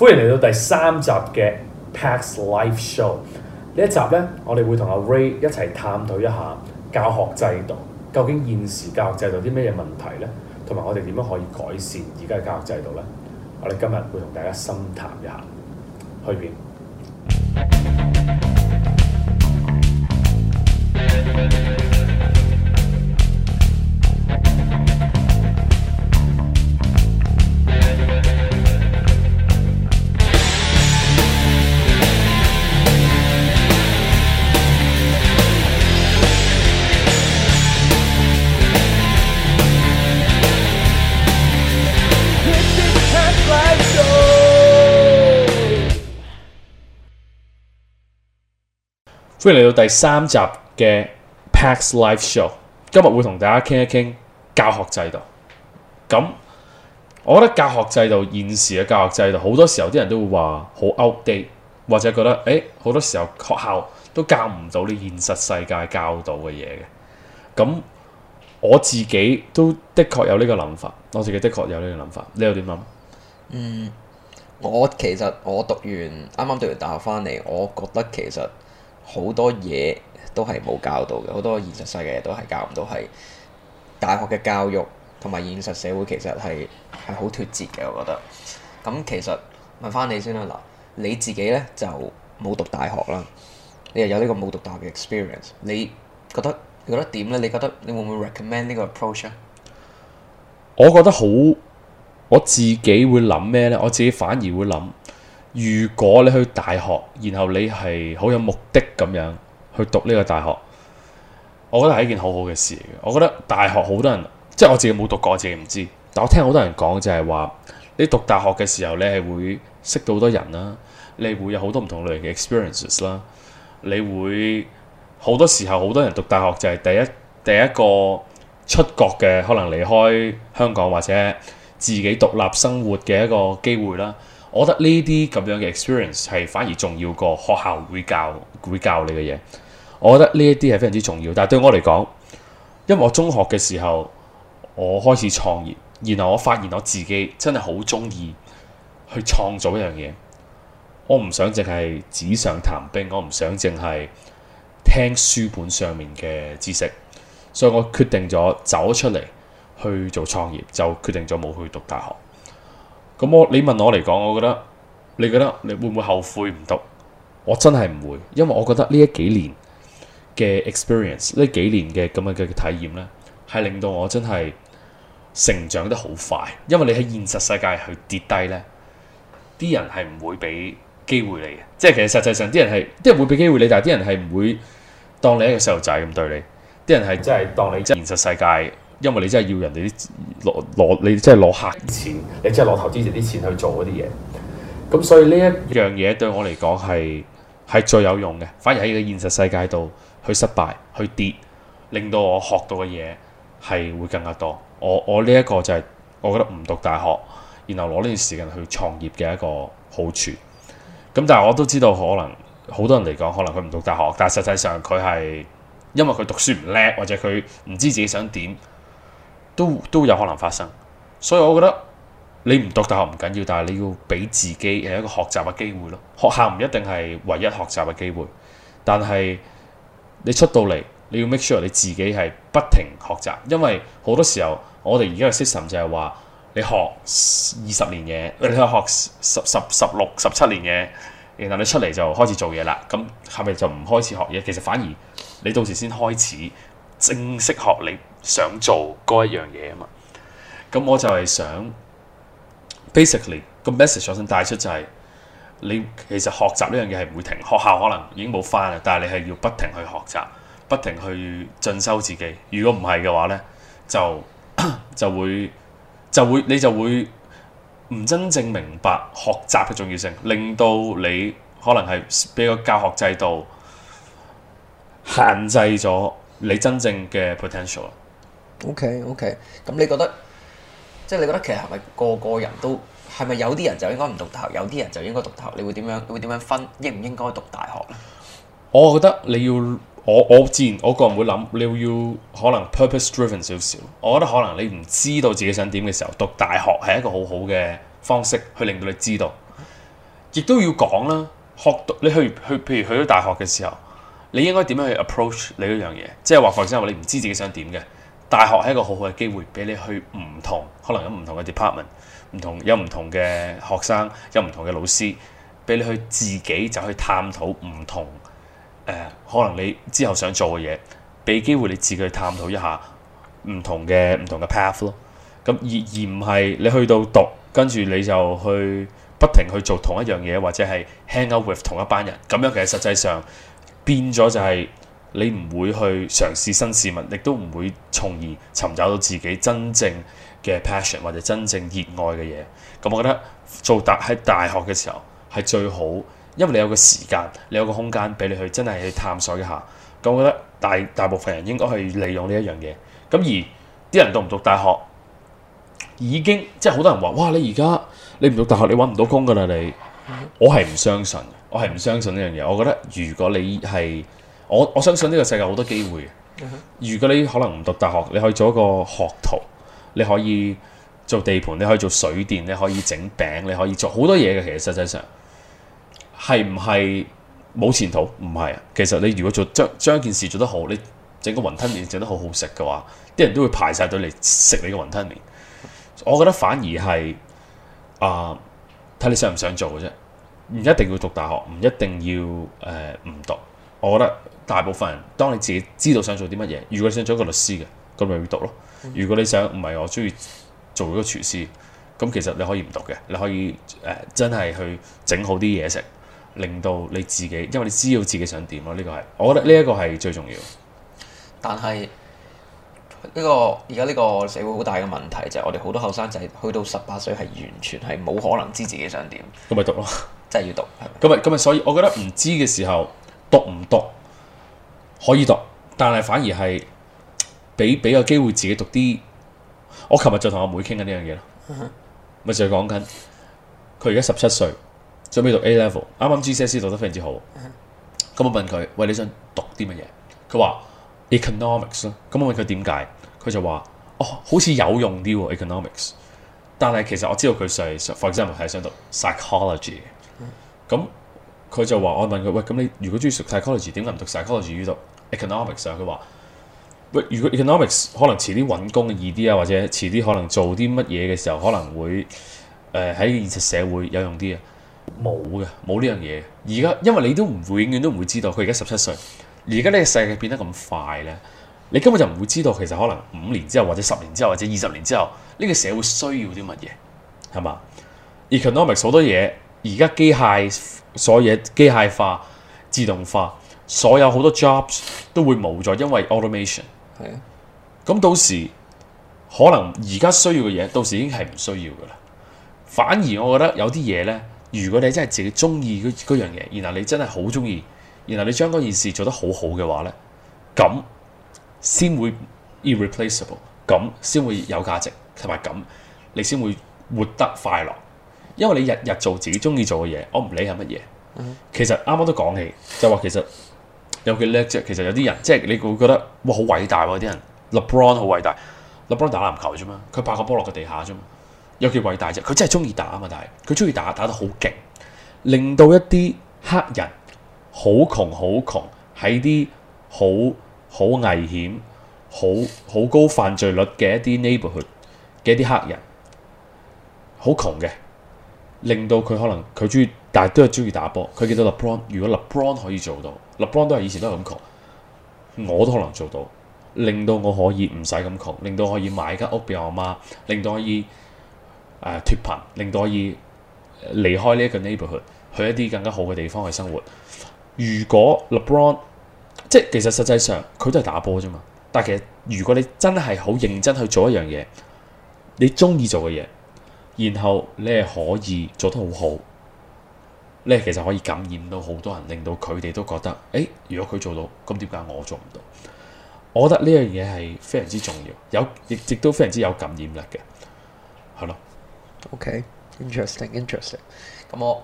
歡迎嚟到第三集嘅 Pax Life Show。呢一集呢，我哋會同阿 Ray 一齊探討一下教學制度，究竟現時教學制度啲咩嘢問題呢？同埋我哋點樣可以改善而家嘅教學制度呢？我哋今日會同大家深談一下。去邊？歡迎嚟到第三集嘅 Pax Live Show。今日會同大家傾一傾教學制度。咁，我覺得教學制度現時嘅教學制度好多時候啲人都會話好 outdate，或者覺得誒好多時候學校都教唔到你現實世界教到嘅嘢嘅。咁我自己都的確有呢個諗法，我自己的確有呢個諗法。你又點諗？嗯，我其實我讀完啱啱讀完大學翻嚟，我覺得其實。好多嘢都係冇教到嘅，好多現實世界嘢都係教唔到，係大學嘅教育同埋現實社會其實係係好脫節嘅，我覺得。咁其實問翻你先啦，嗱，你自己咧就冇讀大學啦，你又有呢個冇讀大學嘅 experience，你覺得你覺得點咧？你覺得，你，覺得，你，覺得你會唔會 recommend 呢個 approach 啊？我覺得好，我自己會諗咩咧？我自己反而會諗。如果你去大學，然後你係好有目的咁樣去讀呢個大學，我覺得係一件好好嘅事嚟。我覺得大學好多人，即係我自己冇讀過，我自己唔知。但我聽好多人講就係話，你讀大學嘅時候，你係會識到好多人啦，你會有好多唔同類型嘅 experiences 啦，你會好多時候好多人讀大學就係第一第一個出國嘅，可能離開香港或者自己獨立生活嘅一個機會啦。我覺得呢啲咁樣嘅 experience 係反而重要過學校會教，會教你嘅嘢。我覺得呢一啲係非常之重要。但係對我嚟講，因為我中學嘅時候我開始創業，然後我發現我自己真係好中意去創造一樣嘢。我唔想淨係紙上談兵，我唔想淨係聽書本上面嘅知識。所以我決定咗走出嚟去做創業，就決定咗冇去讀大學。咁我你問我嚟講，我覺得你覺得你會唔會後悔唔讀？我真係唔會，因為我覺得呢一幾年嘅 experience，呢幾年嘅咁嘅嘅體驗呢，係令到我真係成長得好快。因為你喺現實世界去跌低呢，啲人係唔會俾機會你嘅。即係其實實際上啲人係啲人會俾機會你，但係啲人係唔會當你一個細路仔咁對你。啲人係真係當你真係現實世界。因為你真係要人哋啲攞攞你真係攞客錢，你真係攞投資人啲錢去做嗰啲嘢。咁所以呢一樣嘢對我嚟講係係最有用嘅。反而喺個現實世界度去失敗、去跌，令到我學到嘅嘢係會更加多。我我呢一個就係我覺得唔讀大學，然後攞呢段時間去創業嘅一個好處。咁但係我都知道可能好多人嚟講可能佢唔讀大學，但係實際上佢係因為佢讀書唔叻或者佢唔知自己想點。都都有可能發生，所以我覺得你唔讀大學唔緊要，但係你要俾自己係一個學習嘅機會咯。學校唔一定係唯一學習嘅機會，但係你出到嚟，你要 make sure 你自己係不停學習，因為好多時候我哋而家嘅 system 就係話你學二十年嘢，你去學十十十六、十七年嘢，然後你出嚟就開始做嘢啦，咁係咪就唔開始學嘢？其實反而你到時先開始。正式學你想做嗰一樣嘢啊嘛，咁我就係想，basically、個 message 想帶出就係、是，你其實學習呢樣嘢係唔會停，學校可能已經冇返啦，但係你係要不停去學習，不停去進修自己。如果唔係嘅話咧，就 就會就會你就會唔真正明白學習嘅重要性，令到你可能係俾個教學制度限制咗。你真正嘅 potential OK OK，咁你覺得即係你覺得其實係咪個個人都係咪有啲人就應該唔讀頭，有啲人就應該讀頭？你會點樣你會點樣分應唔應該讀大學？我覺得你要我我自然我個人會諗你要可能 purpose driven 少少。我覺得可能你唔知道自己想點嘅時候，讀大學係一個好好嘅方式，去令到你知道。亦都要講啦，學讀你去去，譬如去咗大學嘅時候。你應該點樣去 approach 你呢樣嘢？即係話，或者話你唔知自己想點嘅。大學係一個好好嘅機會，俾你去唔同，可能有唔同嘅 department，唔同有唔同嘅學生，有唔同嘅老師，俾你去自己就去探討唔同、呃，可能你之後想做嘅嘢，俾機會你自己去探討一下唔同嘅唔同嘅 path 咯。咁而而唔係你去到讀，跟住你就去不停去做同一樣嘢，或者係 hang out with 同一班人。咁樣其實實際上。變咗就係你唔會去嘗試新事物，亦都唔會從而尋找到自己真正嘅 passion 或者真正熱愛嘅嘢。咁、嗯、我覺得做大喺大學嘅時候係最好，因為你有個時間，你有個空間俾你去真係去探索一下。咁、嗯、我覺得大大部分人應該去利用呢一樣嘢。咁、嗯、而啲人讀唔讀大學已經即係好多人話：哇！你而家你唔讀大學，你搵唔到工噶啦！你、嗯、我係唔相信嘅。我係唔相信呢樣嘢，我覺得如果你係我，我相信呢個世界好多機會、嗯、哼如果你可能唔讀大學，你可以做一個學徒，你可以做地盤，你可以做水電，你可以整餅，你可以做好多嘢嘅。其實實際上係唔係冇前途？唔係啊！其實你如果做將將件事做得好，你整個雲吞麪整得好好食嘅話，啲人都會排晒隊嚟食你個雲吞麪。我覺得反而係啊，睇、呃、你想唔想做嘅啫。唔一定要讀大學，唔一定要誒唔、呃、讀。我覺得大部分人，當你自己知道想做啲乜嘢，如果你想做一個律師嘅，咁咪要讀咯。嗯、如果你想唔係我鍾意做一個廚師，咁其實你可以唔讀嘅，你可以誒、呃、真係去整好啲嘢食，令到你自己，因為你知道自己想點咯。呢、這個係我覺得呢一個係最重要。但係呢、這個而家呢個社會好大嘅問題就係我哋好多後生仔去到十八歲係完全係冇可能知自己想點，咁咪 讀咯。真係要讀，咁咪咁咪，所以我覺得唔知嘅時候讀唔讀可以讀，但係反而係俾俾個機會自己讀啲。我琴日就同阿妹傾緊呢樣嘢咯，咪、嗯、哼就係講緊佢而家十七歲，準備讀 A level，啱啱 GCSE 讀得非常之好。咁、嗯、哼我問佢：喂，你想讀啲乜嘢？佢話 economics 咯。咁我問佢點解？佢就話：哦，好似有用啲喎 economics。但係其實我知道佢就係，for example，係想讀 psychology。咁佢就話：我問佢喂，咁你如果中意食 psychology，點解唔讀 psychology？讀 economics 啊？佢話喂，如果 economics 可能遲啲揾工啊易啲啊，或者遲啲可能做啲乜嘢嘅時候可能會誒喺、呃、現實社會有用啲啊？冇嘅，冇呢樣嘢。而家因為你都唔會永遠都唔會知道，佢而家十七歲。而家呢個世界變得咁快咧，你根本就唔會知道其實可能五年之後，或者十年之後，或者二十年之後，呢、呢個社會需要啲乜嘢係嘛？economics 好多嘢。而家機械所有機械化、自動化，所有好多 jobs 都會冇咗，因為 automation。係啊，咁到時可能而家需要嘅嘢，到時已經係唔需要噶啦。反而我覺得有啲嘢呢，如果你真係自己中意嗰樣嘢，然後你真係好中意，然後你將嗰件事做得好好嘅話呢，咁先會 irreplaceable，咁先會有價值，同埋咁你先會活得快樂。因為你日日做自己中意做嘅嘢，我唔理係乜嘢。其實啱啱都講起，就話其實有幾叻啫。其實有啲人，即係你會覺得哇好偉大喎，啊！啲人 LeBron 好偉大，LeBron 打籃球啫嘛，佢拍個波落個地下啫嘛，有幾偉大啫，啊？佢真係中意打啊嘛，但係佢中意打打得好勁，令到一啲黑人好窮好窮，喺啲好好危險、好好高犯罪率嘅一啲 neighborhood 嘅一啲黑人，好窮嘅。令到佢可能佢中意，但係都係中意打波。佢見到 LeBron，如果 LeBron 可以做到，LeBron 都係以前都係咁窮，我都可能做到。令到我可以唔使咁窮，令到可以買間屋俾我阿媽，令到可以誒、呃、脫貧，令到可以離開呢一個 neighborhood，去一啲更加好嘅地方去生活。如果 LeBron，即係其實實際上佢都係打波啫嘛。但係其實如果你真係好認真去做一樣嘢，你中意做嘅嘢。然後你係可以做得好好，咧其實可以感染到好多人，令到佢哋都覺得，誒、哎，如果佢做到，咁點解我做唔到？我覺得呢樣嘢係非常之重要，有亦亦都非常之有感染力嘅，係咯。OK，interesting，interesting、okay。咁我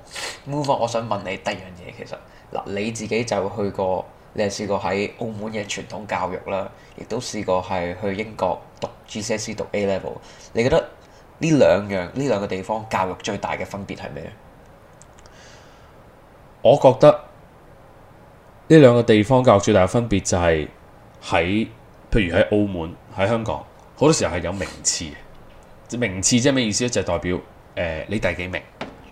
move on，我想問你第二樣嘢，其實嗱，你自己就去過，你係試過喺澳門嘅傳統教育啦，亦都試過係去英國讀 GCSE 讀 A level，你覺得？呢兩樣，呢兩個地方教育最大嘅分別係咩？我覺得呢兩個地方教育最大嘅分別就係、是、喺，譬如喺澳門、喺香港，好多時候係有名次嘅。名次即係咩意思咧？就係、是、代表誒、呃、你第幾名，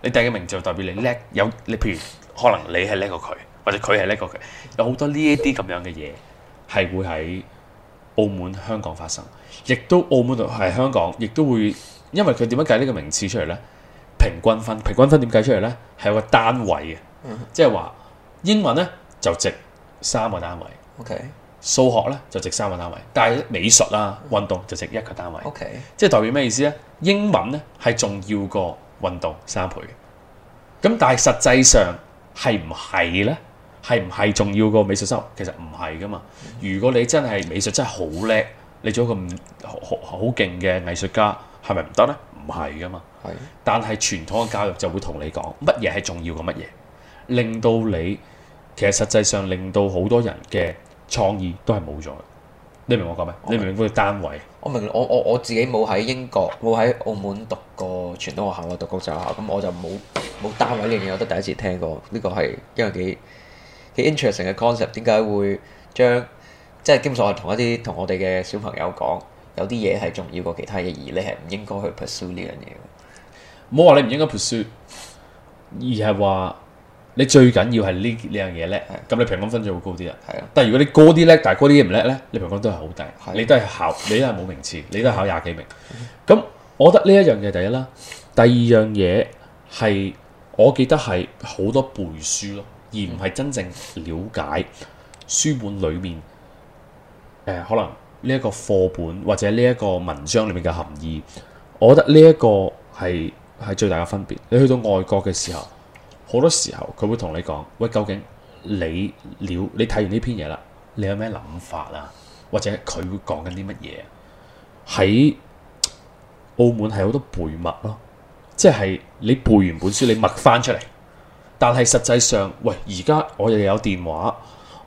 你第幾名就代表你叻有你。譬如可能你係叻過佢，或者佢係叻過佢，有好多呢一啲咁樣嘅嘢係會喺澳門、香港發生，亦都澳門同係香港，亦都會。因為佢點樣計呢個名次出嚟咧？平均分，平均分點計出嚟咧？係有個單位嘅，即係話英文咧就值三個單位，OK。數學咧就值三個單位，但係美術啦、啊、運動就值一個單位，OK。即係代表咩意思咧？英文咧係重要過運動三倍嘅，咁但係實際上係唔係咧？係唔係重要過美術生？其實唔係㗎嘛。如果你真係美術真係好叻，你做一個好好好勁嘅藝術家。係咪唔得咧？唔係㗎嘛。係嗎？但係傳統嘅教育就會同你講乜嘢係重要過乜嘢，令到你其實實際上令到好多人嘅創意都係冇咗。你明我講咩？我明你明唔明個單位？我明。我我我自己冇喺英國，冇喺澳門讀過傳統學校，讀國際學校，咁我就冇冇單位呢樣嘢，我都第一次聽過。呢個係因為幾幾 interesting 嘅 concept，點解會將即係基本上我同一啲同我哋嘅小朋友講。有啲嘢係重要過其他嘢，而你係唔應該去 pursue 呢樣嘢。唔好話你唔應該 pursue，而係話你最緊要係呢呢樣嘢叻。咁的你平均分就會高啲啦。係啊的。但係如果你高啲叻，但係高啲嘢唔叻咧，你平均都係好低，的你都係考，你都係冇名次，你都係考廿幾名。咁 我覺得呢一樣嘢第一啦，第二樣嘢係我記得係好多背書咯，而唔係真正了解書本裡面誒、呃、可能。呢一個課本或者呢一個文章裏面嘅含義，我覺得呢一個係係最大嘅分別。你去到外國嘅時候，好多時候佢會同你講：喂，究竟你了你睇完呢篇嘢啦，你有咩諗法啊？或者佢會講緊啲乜嘢？喺澳門係好多背默咯，即係你背完本書你默返出嚟，但係實際上，喂，而家我哋有電話，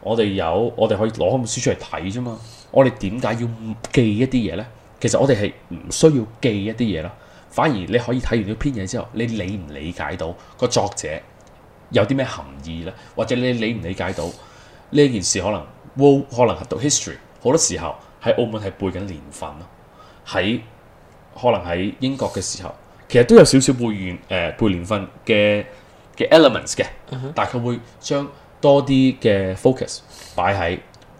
我哋有我哋可以攞本書出嚟睇啫嘛。我哋點解要記一啲嘢咧？其實我哋係唔需要記一啲嘢咯，反而你可以睇完呢篇嘢之後，你理唔理解到個作者有啲咩含義咧？或者你理唔理解到呢件事？可能，哇！可能讀 history 好多時候喺澳門係背緊年份咯，喺可能喺英國嘅時候，其實都有少少背完誒、呃、背年份嘅嘅 elements 嘅，但係佢會將多啲嘅 focus 擺喺。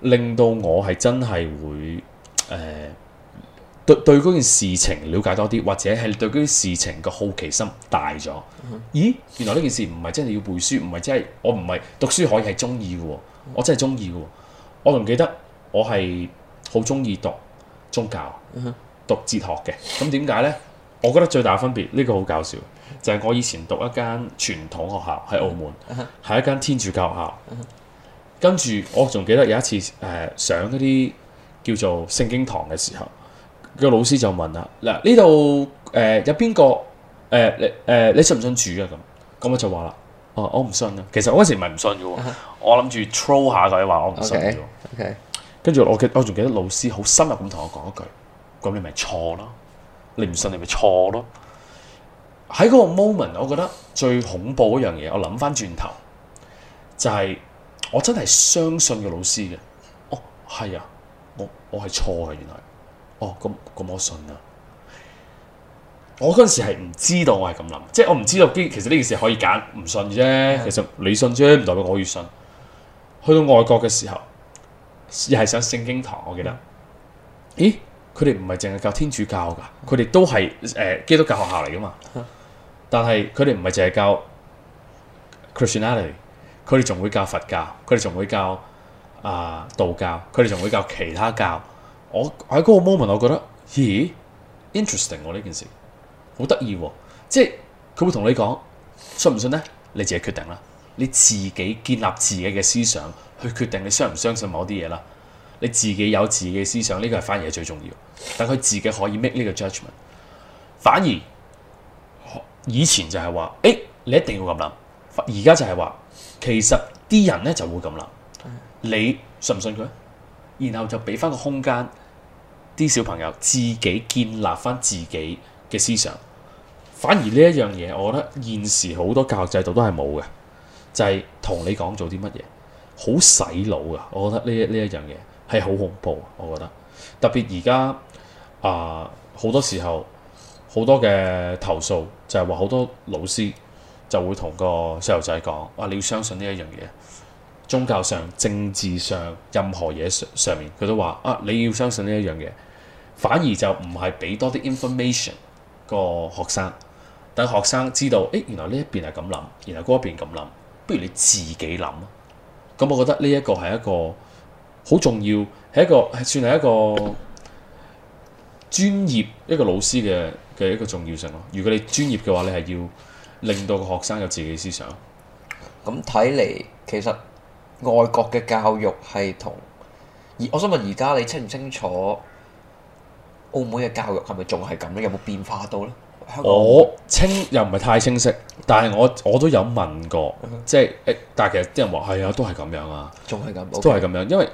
令到我係真係會誒、呃、對對嗰件事情了解多啲，或者係對嗰啲事情嘅好奇心大咗。咦、uh huh. 原來呢件事唔係真係要背書，唔係真係我唔係讀書可以係中意嘅，我真係中意嘅。我仲記得我係好中意讀宗教、uh huh. 讀哲學嘅。咁點解呢？我覺得最大嘅分別呢、呢個好搞笑，就係、是、我以前讀一間傳統學校喺澳門，係、uh huh. 一間天主教學校。Uh huh. 跟住我仲記得有一次誒、呃、上嗰啲叫做聖經堂嘅時候，個老師就問啦：嗱，呢度誒有邊個誒誒，你信唔信主啊？咁咁我就話啦：哦，我唔信嘅。其實我嗰時唔係唔信嘅喎，uh huh. 我諗住 troll 下佢話我唔信嘅。Okay. Okay. 跟住我記，我仲記得老師好深入咁同我講一句：咁你咪錯咯，你唔信你咪錯咯。喺嗰個 moment，我覺得最恐怖一樣嘢，我諗翻轉頭就係、是。我真係相信個老師嘅，哦係啊，我我係錯嘅原來，哦咁咁我信啊。我嗰陣時係唔知道我係咁諗，即係我唔知道其實呢件事可以揀唔信啫，的其實你信啫，唔代表我越信。去到外國嘅時候，又係上聖經堂，我記得，的咦，佢哋唔係淨係教天主教噶，佢哋都係誒、呃、基督教學校嚟噶嘛，的但係佢哋唔係淨係教 Christianity。佢哋仲會教佛教，佢哋仲會教啊、呃、道教，佢哋仲會教其他教。我喺嗰個 moment，我覺得咦，interesting 呢、啊、件事好得意、啊。即係佢會同你講信唔信咧，你自己決定啦。你自己建立自己嘅思想去決定你相唔相信某啲嘢啦。你自己有自己嘅思想，呢個係反而係最重要。但佢自己可以 make 呢個 judgment，反而以前就係話，哎、欸，你一定要咁諗。而家就係話。其實啲人咧就會咁諗，你信唔信佢？然後就俾翻個空間啲小朋友自己建立翻自己嘅思想。反而呢一樣嘢，我覺得現時好多教育制度都係冇嘅，就係、是、同你講做啲乜嘢，好洗腦噶。我覺得呢呢一樣嘢係好恐怖。我覺得特別而家啊，好、呃、多時候好多嘅投訴就係話好多老師。就會同個細路仔講：啊，你要相信呢一樣嘢，宗教上、政治上任何嘢上上面，佢都話：啊，你要相信呢一樣嘢。反而就唔係俾多啲 information 個學生，等學生知道，誒，原來呢一邊係咁諗，然後嗰一邊咁諗，不如你自己諗。咁、嗯、我覺得呢一個係一個好重要，係一個算係一個專業一個老師嘅嘅一個重要性咯。如果你專業嘅話，你係要。令到個學生有自己思想。咁睇嚟，其實外國嘅教育係同而，我想問而家你清唔清楚澳門嘅教育係咪仲係咁咧？有冇變化到咧？香港我清又唔係太清晰，但係我我都有問過，嗯、哼即係誒。但係其實啲人話係啊，都係咁樣啊，仲係咁，都係咁樣。因為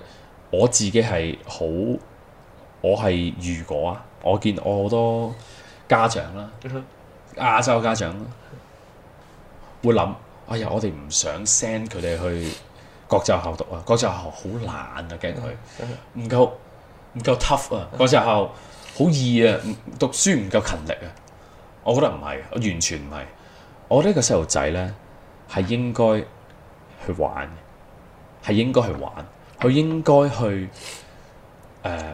我自己係好，我係如果啊，我見我好多家長啦，亞洲家長。會諗，哎呀，我哋唔想 send 佢哋去國際學校讀啊，國際學校好懶啊，驚佢唔夠唔夠 tough 啊，國際學校好易啊，讀書唔夠勤力啊，我覺得唔係，我完全唔係，我呢個細路仔咧係應該去玩，係應該去玩，佢應該去誒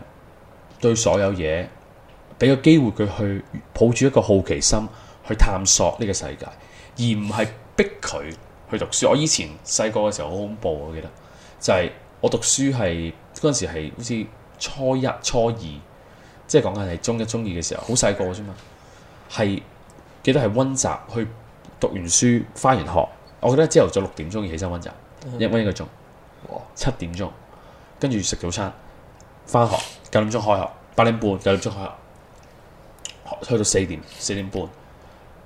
對所有嘢俾個機會佢去抱住一個好奇心去探索呢個世界，而唔係。逼佢去讀書，我以前細個嘅時候好恐怖，我記得就係、係、我讀書係嗰陣時係好似初一、初二，即係講緊係中一、中二嘅時候，好細個啫嘛。係記得係温習，去讀完書翻完學，我記得朝頭早六點鐘起身温習，嗯、一温一個鐘，七點鐘跟住食早餐，翻學九點鐘開學，八點半九點鐘開學，去到四點四點半，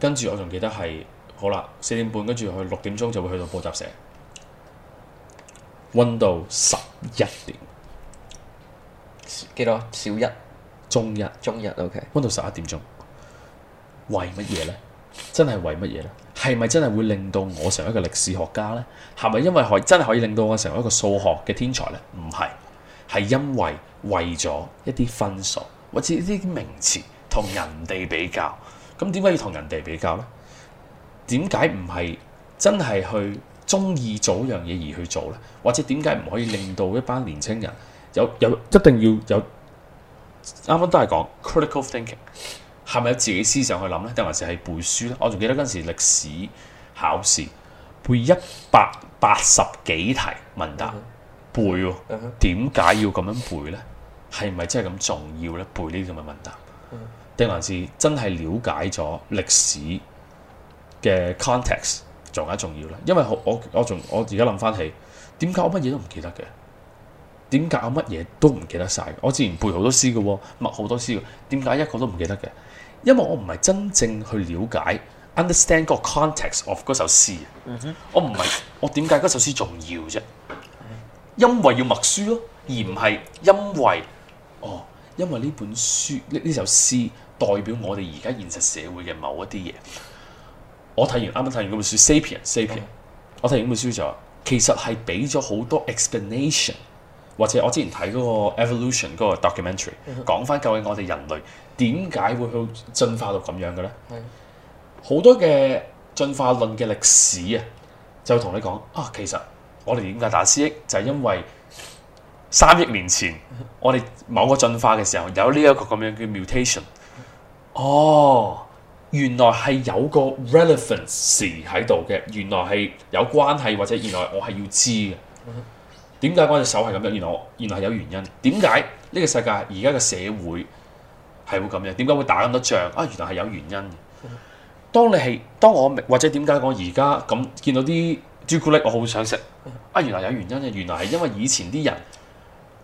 跟住我仲記得係。好啦，四點半跟住去六點鐘就會去到補習社，温到十一點，幾多？小一、中一、中一，OK。温到十一點鐘，為乜嘢咧？真係為乜嘢咧？係咪真係會令到我成為一個歷史學家咧？係咪因為可真係可以令到我成為一個數學嘅天才咧？唔係，係因為為咗一啲分數或者一啲名詞同人哋比較，咁點解要同人哋比較咧？點解唔係真係去鍾意做一樣嘢而去做呢？或者點解唔可以令到一班年青人有有一定要有啱啱都係講 critical thinking，係咪有自己思想去諗呢？定還是係背書呢？我仲記得嗰陣時歷史考試背一百八十幾題問答背、哦，點解要咁樣背呢？係咪真係咁重要呢？背呢啲咁嘅問答，定還是真係了解咗歷史？嘅 context 仲加重要啦，因為我我仲我而家諗翻起，點解我乜嘢都唔記得嘅？點解我乜嘢都唔記得晒？我之前背好多詩嘅，哦，默好多詩嘅，點解一個都唔記得嘅？因為我唔係真正去了解 understand 嗰個 context of 嗰首詩。嗯哼我，我唔係，我點解嗰首詩重要啫？因為要默書咯，而唔係因為哦，因為呢本書呢呢首詩代表我哋而家現實社會嘅某一啲嘢。我睇完啱啱睇完嗰本書《Sapien》，Sapien，我睇完嗰本書就話，其實係俾咗好多 explanation，或者我之前睇嗰個 evolution 嗰個 documentary，講返究竟我哋人類點解會去進化到咁樣嘅咧？好多嘅進化論嘅歷史啊，就同你講啊，其實我哋點解打思噎，就係因為三億年前我哋某個進化嘅時候有呢一個咁樣嘅 mutation。哦。原來係有個 relevance 喺度嘅，原來係有關係或者原來我係要知嘅。點解我隻手係咁樣？原來，原來係有原因。點解呢個世界而家嘅社會係會咁樣？點解會打咁多仗啊？原來係有原因嘅。當你係當我或者點解我而家咁見到啲朱古力我，我好想食啊！原來有原因嘅，原來係因為以前啲人，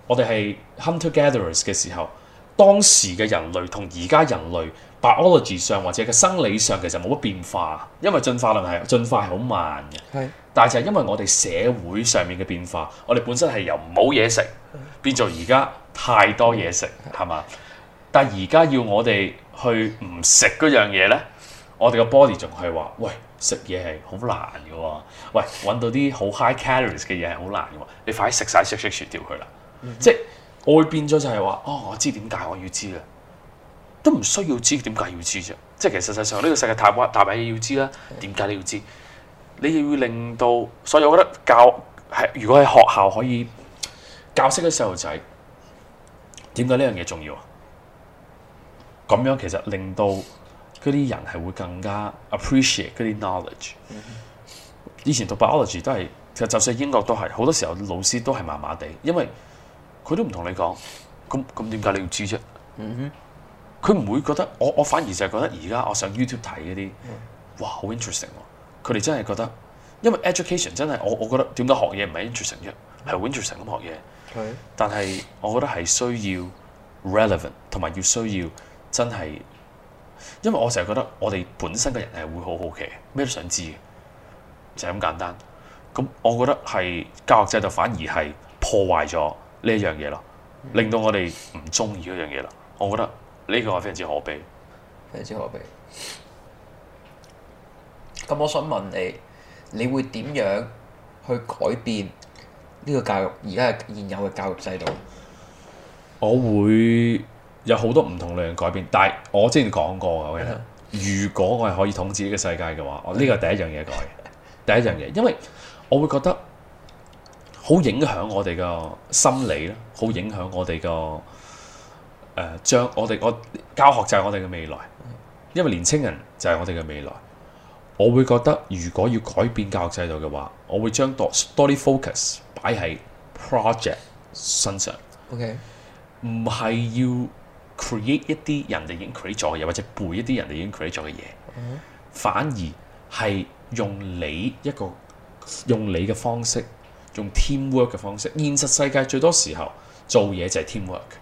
我哋係 hunter gatherers 嘅時候，當時嘅人類同而家人類。biology 上或者嘅生理上其實冇乜變化，因為進化論係進化係好慢嘅。係的，但係就係因為我哋社會上面嘅變化，我哋本身係由冇嘢食變做而家太多嘢食，係嘛？但係而家要我哋去唔食嗰樣嘢咧，我哋個 body 仲係話：喂，食嘢係好難嘅喎。喂，搵到啲好 high calories 嘅嘢係好難嘅喎。你快啲食晒，削削削掉佢啦。即係我會變咗就係、是、話：哦，我知點解我要知啦。都唔需要知點解要知啫，即係其實實際上呢、這個世界太大，把嘢你要知啦，點解你要知？你要令到，所以我覺得教係如果喺學校可以教識嘅細路仔，點解呢樣嘢重要啊？咁樣其實令到嗰啲人係會更加 appreciate 嗰啲 knowledge。嗯哼。以前讀 biology 都係，其實就算英國都係，好多時候老師都係麻麻地，因為佢都唔同你講，咁咁點解你要知啫？嗯哼。佢唔會覺得，我我反而就係覺得而家我上 YouTube 睇嗰啲，哇好 interesting！佢哋真係覺得，因為 education 真係我我覺得點解學嘢唔係 interesting 啫，係 interesting 咁學嘢。但係我覺得係需要 relevant，同埋要需要真係，因為我成日覺得我哋本身嘅人係會好好奇，咩都想知嘅，就係咁簡單。咁我覺得係教育制度反而係破壞咗呢一樣嘢咯，令到我哋唔中意嗰樣嘢啦。我覺得。呢個係非常之可悲，非常之可悲。咁我想問你，你會點樣去改變呢個教育而家係現有嘅教育制度？我會有好多唔同類型改變，但係我之前講過嘅，我覺得如果我係可以統治呢個世界嘅話，我、這、呢個係第一樣嘢改。 第一樣嘢，因為我會覺得好影響我哋嘅心理咧，好影響我哋嘅。誒將、呃、我哋我教學就係我哋嘅未來，因為年青人就係我哋嘅未來。我會覺得如果要改變教育制度嘅話，我會將多 story focus 擺喺 project 身上。OK，唔係要 create 一啲人哋已經 create 咗嘅嘢，或者背一啲人哋已經 create 咗嘅嘢，mm hmm。反而係用你一個用你嘅方式，用 teamwork 嘅方式。現實世界最多時候做嘢就係 teamwork。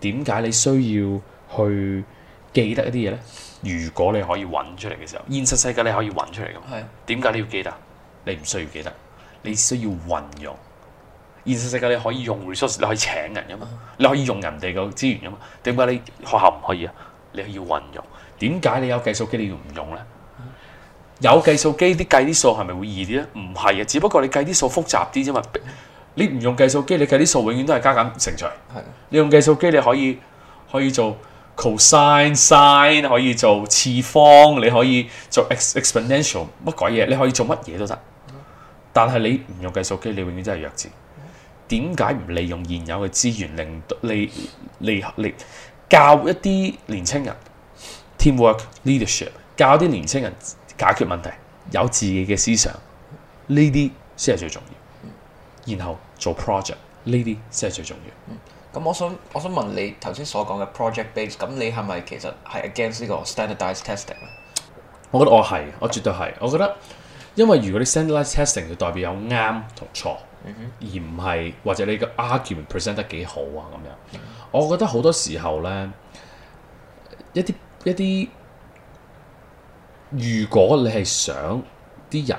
點解你需要去記得一啲嘢咧？如果你可以揾出嚟嘅時候，現實世界你可以揾出嚟噶嘛？係啊。點解你要記得？你唔需要記得，你需要運用。現實世界你可以用 resource，你可以請人噶嘛？你可以用人哋嘅資源噶嘛？點解你學校唔可以啊？你要運用。點解你有計數機你要唔用咧？有計數機啲計啲數係咪會易啲咧？唔係啊，只不過你計啲數複雜啲啫嘛。你唔用計數機，你計啲數永遠都係加減乘除。的你用計數機，你可以可以做 cosine、sin，可以做次方，你可以做 exponential，乜鬼嘢，你可以做乜嘢都得。但係你唔用計數機，你永遠真係弱智。點解唔利用現有嘅資源，令你你你，你教一啲年青人 teamwork、Team work, leadership，教啲年青人解決問題，有自己嘅思想，呢啲先係最重要。然後。做 project 呢啲先係最重要。嗯，咁我想我想問你頭先所講嘅 project base，咁你係咪其實係 against 呢個 standardized testing？我覺得我係，我絕對係。我覺得，因為如果你 standardized testing 就代表有啱同錯，嗯哼，而唔係或者你個 argument present 得幾好啊咁樣。嗯，我覺得好多時候咧，一啲一啲，如果你係想啲人。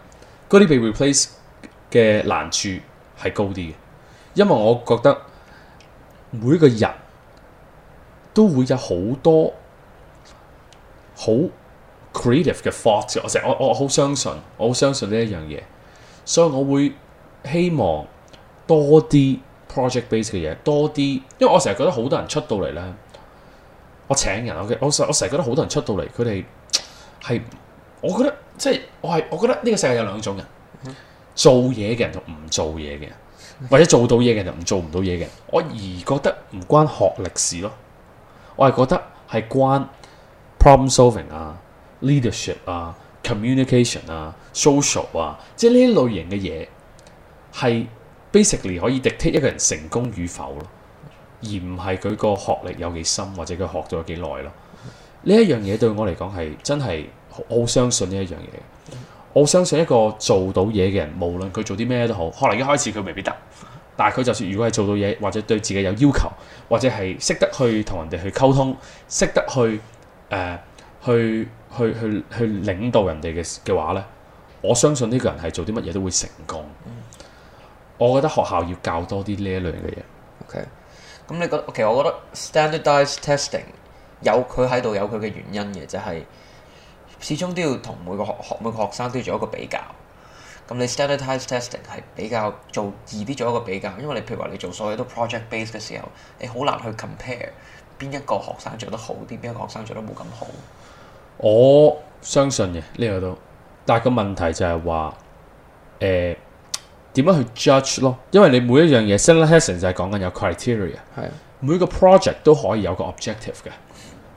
嗰啲被 replace 嘅難處係高啲嘅，因為我覺得每一個人都會有好多好 creative 嘅 thought 嘅，我成日我我好相信，我好相信呢一樣嘢，所以我會希望多啲 project based 嘅嘢，多啲，因為我成日覺得好多人出到嚟咧，我請人，我嘅我我成日覺得好多人出到嚟，佢哋係。我覺得即係我係，我覺得呢個世界有兩種人，嗯、做嘢嘅人同唔做嘢嘅人，或者做到嘢嘅人同唔做唔到嘢嘅人。我而覺得唔關學歷事咯，我係覺得係關 problem solving 啊、leadership 啊、communication 啊、social 啊，即係呢一類型嘅嘢係 basically 可以 dictate 一個人成功與否咯，而唔係佢個學歷有幾深或者佢學咗幾耐咯。呢一樣嘢對我嚟講係真係。我好相信呢一樣嘢，我相信一個做到嘢嘅人，無論佢做啲咩都好，可能一開始佢未必得，但係佢就算如果係做到嘢，或者對自己有要求，或者係識得去同人哋去溝通，識得去誒、呃，去去去去領導人哋嘅嘅話咧，我相信呢個人係做啲乜嘢都會成功。我覺得學校要教多啲呢一類嘅嘢。Okay。OK，咁你覺得，其實我覺得 standardized testing 有佢喺度有佢嘅原因嘅，就係、是。始終都要同每個學學每個學生都要做一個比較。咁你 standardize testing 係比較做，做易啲做一個比較，因為你譬如話你做所有都 project based 嘅時候，你好難去 compare 邊一個學生做得好啲，邊一個學生做得冇咁好。好，我相信嘅呢個都，但係個問題就係話，誒點樣去 judge 咯？因為你每一樣嘢 standardization 的就係講緊有 criteria，係的每個 project 都可以有個 objective 嘅，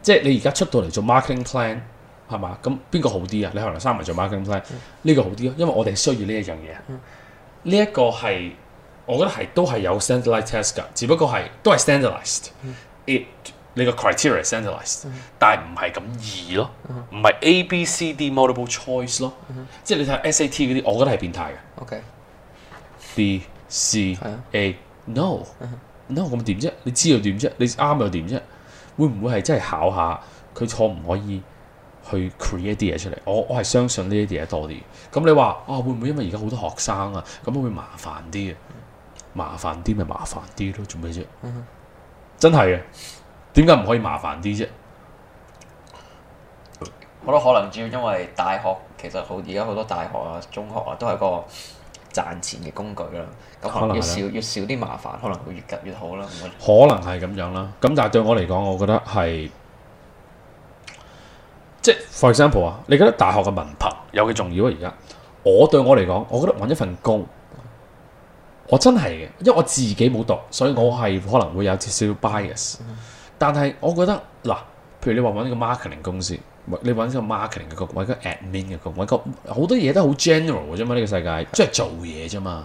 即係你而家出到嚟做 marketing plan。係嘛？咁邊個好啲啊？你可能三文做 marketing 呢個好啲咯，因為我哋需要呢一樣嘢。呢一個係我覺得係都係有 standardized test 嘅，只不過係都係 standardized it 你個 criteria is standardized，但係唔係咁易咯，唔係 A、B、C、D multiple choice 咯，即係你睇下 SAT 嗰啲，我覺得係變態嘅。O K. B、C A no no 咁點啫？你知又點啫？你啱又點啫？會唔會係真係考下佢錯唔可以？去 create 啲嘢出嚟，我我係相信呢啲嘢多啲。咁你話啊，會唔會因為而家好多學生啊，咁會唔會麻煩啲啊？麻煩啲咪麻煩啲咯？做咩啫？嗯、哼真係嘅，點解唔可以麻煩啲啫？我覺得可能主要因為大學其實好，而家好多大學啊、中學啊都係個賺錢嘅工具啦、啊。咁要少可能要少啲麻煩，可能會越急越好啦。可能係咁樣啦。咁但係對我嚟講，我覺得係。即係，for example 啊，你覺得大學嘅文憑有幾重要啊？而家我對我嚟講，我覺得揾一份工，我真係嘅，因為我自己冇讀，所以我係可能會有少少 bias。但係我覺得嗱，譬如你話揾呢個 marketing 公司，你揾呢個 marketing 嘅工，或者個 admin 嘅工，揾個好多嘢都好 general 嘅啫嘛，呢個世界即係做嘢啫嘛。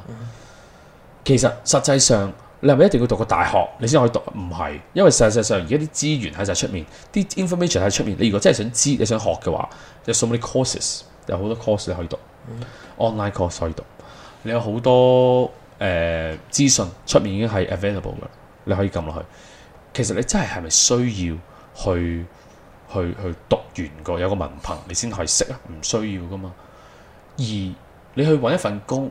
其實實際上。你係咪一定要讀個大學你先可以讀？唔係，因為實際上而家啲資源喺晒出面，啲 information 喺出面。你如果真係想知，你想學嘅話，有 so many courses，有好多 course 你可以讀，嗯，online course 可以讀。你有好多誒資訊出面已經係 available 嘅，你可以撳落去。其實你真係係咪需要去去去，去讀完個有個文憑你先可以識啊？唔需要噶嘛。而你去揾一份工。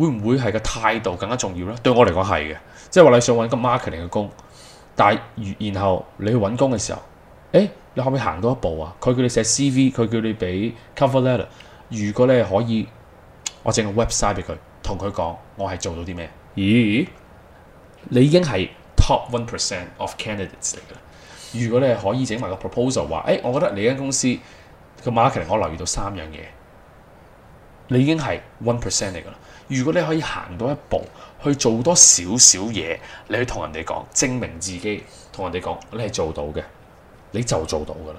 會唔會係個態度更加重要咧？對我嚟講係嘅，即係話你想揾個 marketing 嘅工，但係然後你去揾工嘅時候，誒，你可唔可以行多一步啊？佢叫你寫 CV，佢叫你俾 cover letter。如果你係可以，我整個 website 俾佢，同佢講我係做到啲咩？咦？你已經係 top one percent of candidates 嚟嘅啦。如果你係可以整埋個 proposal 話，誒，我覺得你間公司個 marketing，我留意到三樣嘢，你已經係 one percent 嚟嘅啦。如果你可以行到一步，去做多少少嘢，你去同人哋講，證明自己，同人哋講你係做到嘅，你就做到噶啦。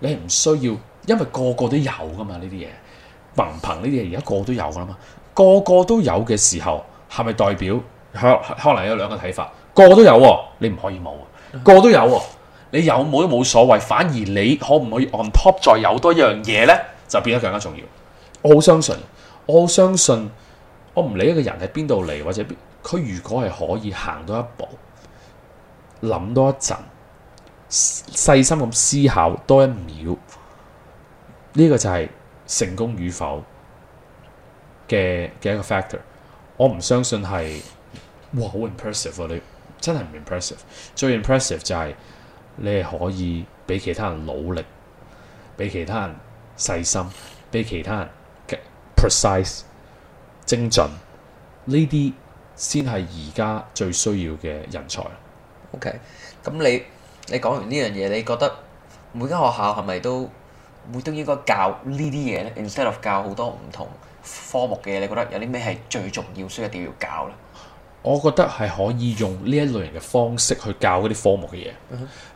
你係唔需要，因為個個都有噶嘛呢啲嘢，文憑呢啲嘢而家個個都有噶啦嘛，個個都有嘅時候，係咪代表？可可能有兩個睇法，個個都有啊，你唔可以冇，個個都有啊，你有冇都冇所謂，反而你可唔可以 on top 再有多一樣嘢咧，就變得更加重要。我好相信，我好相信。我唔理一個人喺邊度嚟，或者佢如果係可以行多一步，諗多一陣，細心咁思考多一秒，呢個就係成功與否嘅嘅一個 factor。我唔相信係哇好 impressive，啊你，真係唔 impressive。最 impressive 就係你係可以畀其他人努力，畀其他人細心，畀其他人 precise。精進呢啲先係而家最需要嘅人才。OK，咁你你講完呢樣嘢，你覺得每間學校係咪都每都應該教呢啲嘢呢？Instead of 教好多唔同科目嘅嘢，你覺得有啲咩係最重要，需要一定要教呢？我覺得係可以用呢一類人嘅方式去教嗰啲科目嘅嘢，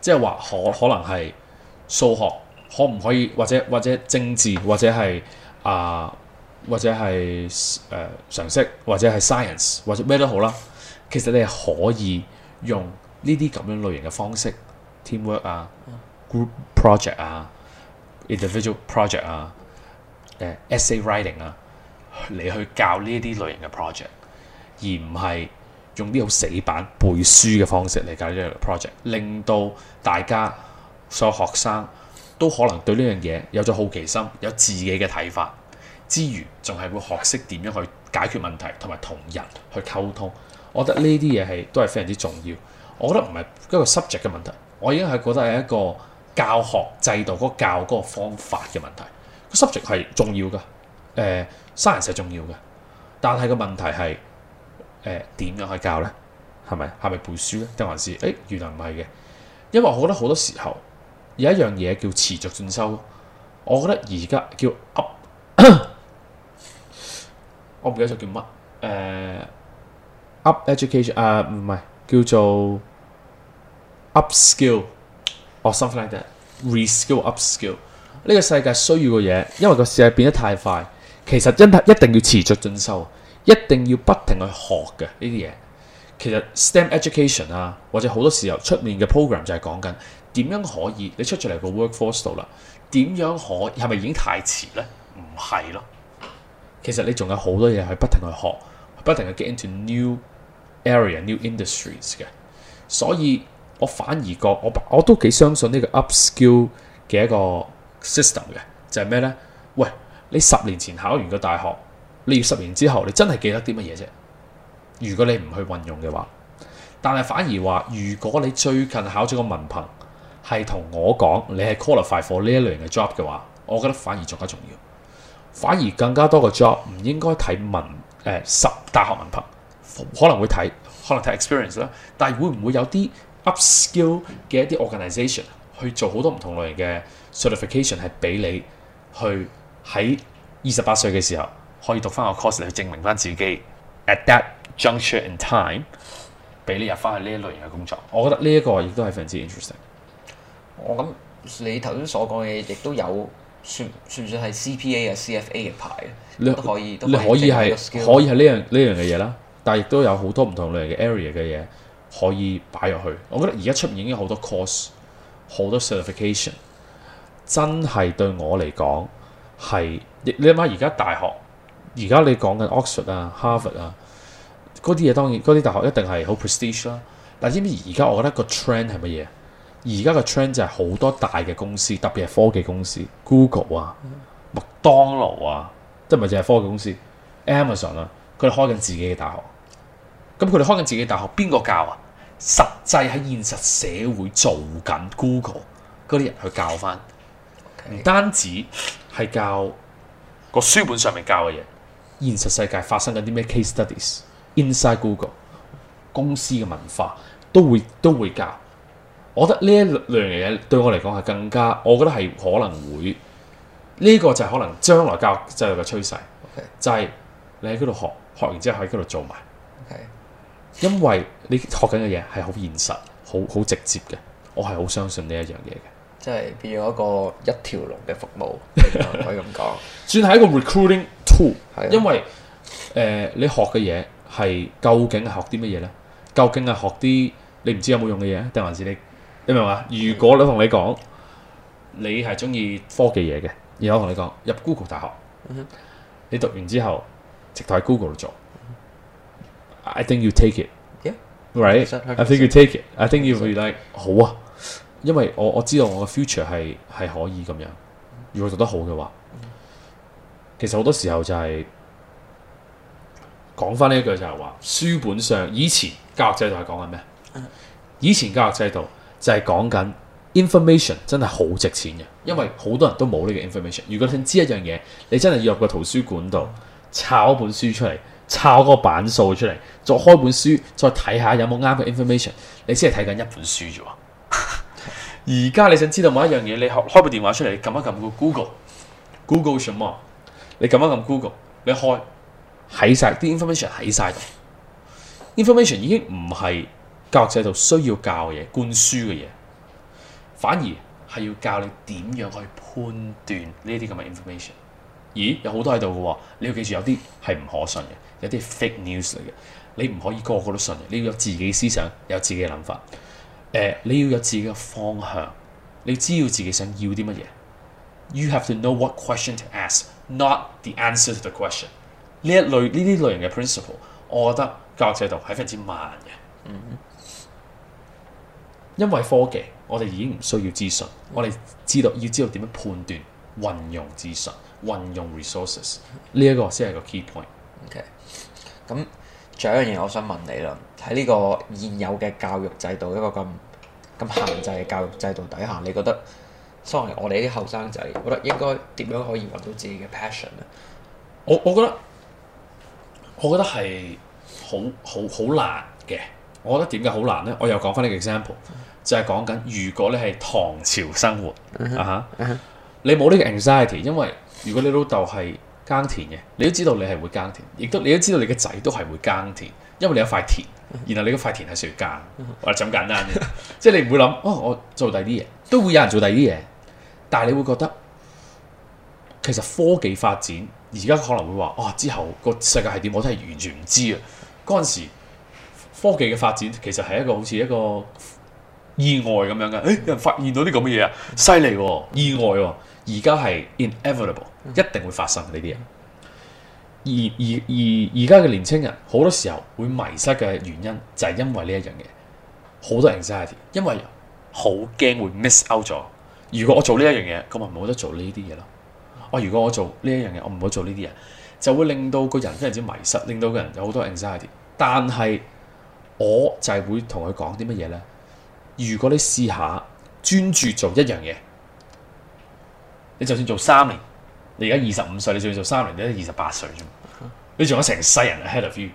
即係話可可能係數學可唔可以，或者或者政治或者係啊？呃或者係誒、呃、常識或者係 science，或者咩都好啦。其實你係可以用呢啲咁樣類型嘅方式，teamwork 啊，group project 啊，individual project 啊，誒、uh, essay writing 啊，你去教呢啲類型嘅 project，而唔係用啲好死板背書嘅方式嚟教呢樣 project，令到大家所有學生都可能對呢樣嘢有咗好奇心，有自己嘅睇法。之餘，仲係會學識點樣去解決問題，同埋同人去溝通。我覺得呢啲嘢係都係非常之重要。我覺得唔係一個 subject 嘅問題，我已經係覺得係一個教學制度嗰教嗰個方法嘅問題。個 subject 係重要噶，誒、呃，三人實係重要嘅，但係個問題係，誒、呃，點樣去教咧？係咪？係咪背書咧？定還是誒？原來唔係嘅，因為我覺得好多時候有一樣嘢叫持續進修。我覺得而家叫 up,。 我唔記得咗叫乜，誒、呃、up education 啊，唔係叫做 up skill or something like that，reskill up skill，呢個世界需要嘅嘢，因為個世界變得太快，其實真係一定要持續進修，一定要不停去學嘅呢啲嘢。其實 STEM education 啊，或者好多時候出面嘅 program 就係講緊點樣可以你出咗嚟個 workforce 度啦，點樣可以？係咪已經太遲咧？唔係咯。其實你仲有好多嘢係不停去學，不停去 get into new area, new industries 嘅。所以我反而覺得我我都幾相信呢個 upskill 嘅一個 system 嘅，就係咩呢？喂，你十年前考完個大學，你要十年之後你真係記得啲乜嘢啫？如果你唔去運用嘅話，但係反而話，如果你最近考咗個文憑係同我講你係 qualify for 呢一類型嘅 job 嘅話，我覺得反而仲加重要。反而更加多嘅 job 唔應該睇文誒、呃、十大學文憑，可能會睇，可能睇 experience 啦。但係會唔會有啲 upscale 嘅一啲 organization 去做好多唔同類型嘅 certification 係俾你去喺二十八歲嘅時候可以讀翻個 course 嚟證明翻自己 at that juncture in time 俾你入翻去呢一類型嘅工作？我覺得呢一個亦都係非常之 interesting。我咁、哦、你頭先所講嘅亦都有。算算唔算係 CPA 啊、CFA 嘅牌啊？你都可以，你可以係可以係呢樣呢樣嘅嘢啦。 但係亦都有好多唔同類型嘅 area 嘅嘢可以擺入去。我覺得而家出面已經好多 course、好多 certification，真係對我嚟講係。你你諗下而家大學，而家你講緊 Oxford 啊、Harvard 啊，啲嘢當然啲大學一定係好 prestigious 啦。但係知唔知而家我覺得個 trend 係乜嘢？而家嘅 trend 就係好多大嘅公司，特別係科技公司，Google 啊、麥、嗯、當勞啊，即係唔係淨係科技公司，Amazon 啊，佢哋開緊自己嘅大學。咁佢哋開緊自己嘅大學，邊個教啊？實際喺現實社會做緊 Google 嗰啲人去教翻，唔 Okay. 單止係教個書本上面教嘅嘢，現實世界發生緊啲咩 case studies inside Google 公司嘅文化都會都會教。我覺得呢一兩樣嘢對我嚟講係更加，我覺得係可能會呢、呢個就係可能將來教育制度嘅趨勢，Okay. 就係你喺嗰度學，學完之後喺嗰度做埋。Okay. 因為你學緊嘅嘢係好現實、好好直接嘅，我係好相信呢一樣嘢嘅，即係變咗一個一條龍嘅服務， 可以咁講，算係一個 recruiting tool。 因為誒、呃，你學嘅嘢係究竟係學啲乜嘢呢？究竟係學啲你唔知有冇用嘅嘢，定還是你？你明嘛？如果你同你講，你係中意科技嘢嘅，然後我同你講入 Google 大學，嗯、哼你讀完之後，直頭喺 Google 度做、嗯、哼，I think you take it，right，I Yeah? think you take it，I Yeah? Right? think you will think Yeah? like 好啊，因為我我知道我嘅 future 係係可以咁樣，如果讀得好嘅話，嗯、哼其實好多時候就係講翻呢一句就係話，書本上以前教育制度係講緊咩？以前教育制度。就係講緊 information 真係好值錢嘅，因為好多人都冇呢個 information。如果你想知一樣嘢，你真係要入個圖書館度抄一本書出嚟，抄嗰個版數出嚟，再開本書再睇下有冇啱嘅 information，你先係睇緊一本書啫。有有書而家 你想知道某一樣嘢，你開部電話出嚟，你撳一撳個 Go Google，Google 什麼？你撳一撳 Google，你開喺晒啲 information 喺曬，information 已經唔係。教育制度需要教嘅嘢、灌輸嘅嘢，反而係要教你點樣去判斷呢啲咁嘅 information。咦，有好多喺度嘅，你要記住有啲係唔可信嘅，有啲係 fake news 嚟嘅。你唔可以個個都信嘅，你要有自己思想，有自己嘅諗法。誒、呃，你要有自己嘅方向，你要知道自己想要啲乜嘢。You have to know what question to ask, not the answer to the question。呢一類呢啲類型嘅 principle，我覺得教育制度係非常之慢嘅。嗯、mm。Hmm. 因為科技，我哋已經唔需要資訊，我哋知道要知道點樣判斷、運用資訊、運用 resources，呢一個先係個 key point。OK，咁仲有一樣嘢我想問你啦，喺呢個現有嘅教育制度一個咁咁限制嘅教育制度底下，你覺得 sorry，我哋啲後生仔覺得應該點樣可以揾到自己嘅 passion 咧？我我覺得，我覺得係好好好難嘅。我覺得點解好難咧？我又講返呢個 example。就係講緊，如果你係唐朝生活，啊、uh huh, uh huh. 你冇呢個 anxiety，因為如果你老豆係耕田嘅，你都知道你係會耕田，亦都你都知道你嘅仔都係會耕田，因為你有塊田，然後你嗰塊田係需要耕，uh huh. 或者咁簡單啫。 即係你唔會諗，哦，我做第啲嘢，都會有人做第啲嘢，但係你會覺得，其實科技發展而家可能會話，哦，之後個世界係點，我真係完全唔知啊。嗰陣時科技嘅發展其實係一個好似一個。意外咁樣嘅，誒，有人發現到啲咁嘅嘢啊，犀利喎！意外喎，而家係 inevitable，一定會發生呢啲嘢。而而而而家嘅年青人，好多時候會迷失嘅原因就係、是、因為呢一樣嘢，好多 anxiety，因為好驚會 miss out 咗、啊。如果我做呢一樣嘢，咁咪冇得做呢啲嘢咯。我如果我做呢一樣嘢，我唔好做呢啲嘢，就會令到個人非常之迷失，令到個人有好多 anxiety。但係我就係會同佢講啲乜嘢咧？如果你試下專注做一樣嘢，你就算做三年，你而家二十五歲，你就算做三年都二十八歲啫。你仲有成世人 ahead of you，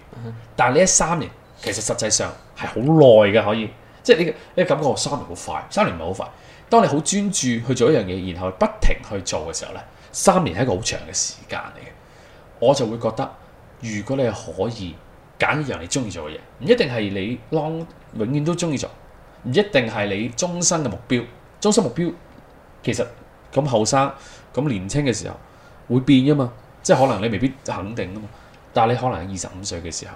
但係你一三年其實實際上係好耐嘅，可以，即係你你感覺三年好快，三年唔係好快。當你好專注去做一樣嘢，然後不停去做嘅時候咧，三年係一個好長嘅時間嚟嘅。我就會覺得，如果你係可以揀一樣你中意做嘅嘢，唔一定係你 long 永遠都中意做。唔一定係你終身嘅目標，終身目標其實咁後生咁年輕嘅時候會變啊嘛，即係可能你未必肯定啊嘛，但係你可能二十五歲嘅時候，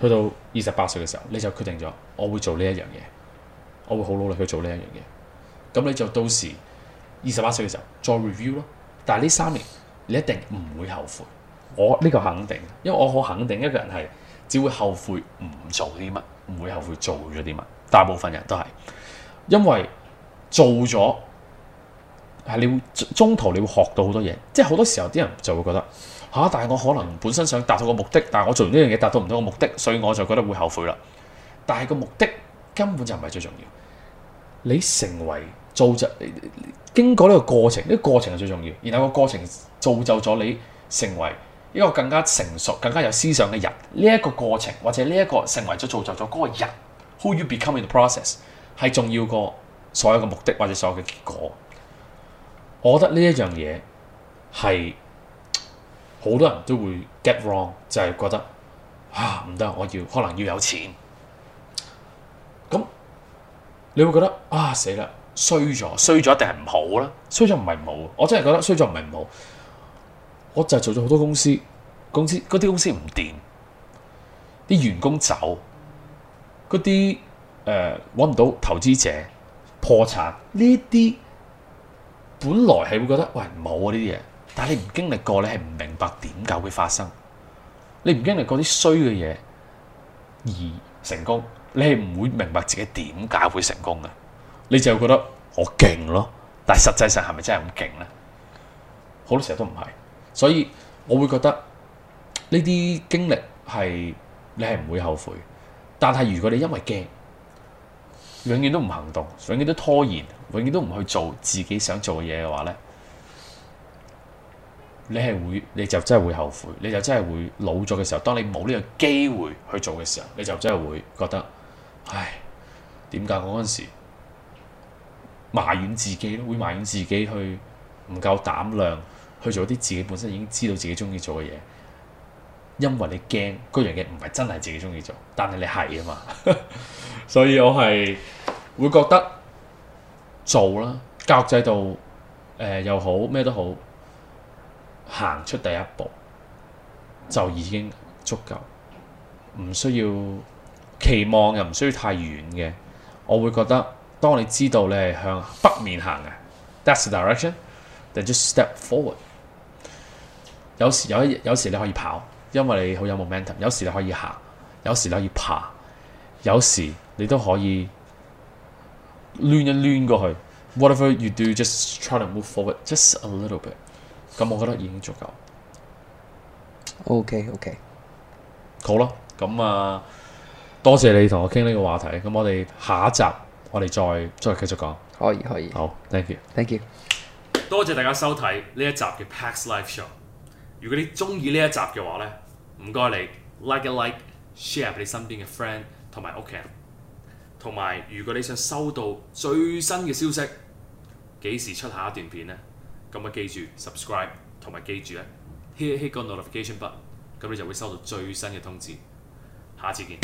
去到二十八歲嘅時候，你就決定咗我會做呢一樣嘢，我會好努力去做呢一樣嘢，咁你就到時二十八歲嘅時候再 review 咯，但係呢三年你一定唔會後悔，我呢個肯定，因為我好肯定一個人係只會後悔唔做啲乜，唔會後悔做咗啲乜。大部分人都係，因為做咗係你會中途你會學到好多嘢。即係好多時候啲人就會覺得吓、啊，但係我可能本身想達到個目的，但係我做完呢樣嘢達到唔到個目的，所以我就覺得會後悔啦。但係個目的根本就唔係最重要，你成為造就經過呢個過程，呢、呢個過程係最重要。然後個過程造就咗你成為一個更加成熟、更加有思想嘅人。呢、呢、一個過程或者呢一個成為咗造就咗嗰個人。Who you become in the process, 係重要過所有嘅目的或者所有嘅結果？我覺得呢一樣嘢係好多人都會 get wrong，就係覺得啊，唔得，我要可能要有錢。咁你會覺得啊，死啦，衰咗衰咗一定係唔好啦，衰咗唔係唔好，我真係覺得衰咗唔係唔好。我就係做咗好多公司，公司嗰啲公司唔掂，啲員工走。嗰啲誒搵唔到投資者、破產呢啲，本來係會覺得喂，冇啊呢啲嘢，但係你唔經歷過你係唔明白點解會發生。你唔經歷過啲衰嘅嘢而成功，你係唔會明白自己點解會成功嘅。你就會覺得我勁咯，但係實際上係咪真係咁勁咧？好多時候都唔係，所以我會覺得呢啲經歷係你係唔會後悔。但係如果你因為驚，永遠都唔行動，永遠都拖延，永遠都唔去做自己想做嘅嘢嘅話咧，你係會，你就真係會後悔，你就真係會老咗嘅時候，當你冇呢個機會去做嘅時候，你就真係會覺得，唉，點解嗰陣時埋怨自己咯？會埋怨自己去唔夠膽量去做啲自己本身已經知道自己中意做嘅嘢。因為你驚嗰樣嘢唔係真係自己中意做，但係你係啊嘛， 所以我係會覺得做啦，教育制度誒、呃、又好咩都好，行出第一步就已經足夠，唔需要期望又唔需要太遠嘅。我會覺得當你知道你係向北面行嘅，that's the direction，then just step forward 有。有時有有時你可以跑。因為你好有 momentum，有時你可以行，有時你可以爬，有時你都可以攣一攣過去。Whatever you do, just try to move forward just a little bit。咁我覺得已經足夠。OK OK 好。好啦，咁啊，多謝你同我傾呢個話題。咁我哋下一集我哋再再繼續講。可以可以。好，Thank you Thank you。多謝大家收睇呢一集嘅 Pax Live Show。如果你中意呢一集嘅話咧，唔該你 like a like share 你身邊嘅 friend 同埋屋企人，同埋如果你想收到最新嘅消息，幾時出下一段片呢？咁啊記住 subscribe 同埋記住咧，hit hit 個 notification button，咁你就會收到最新嘅通知。下次見。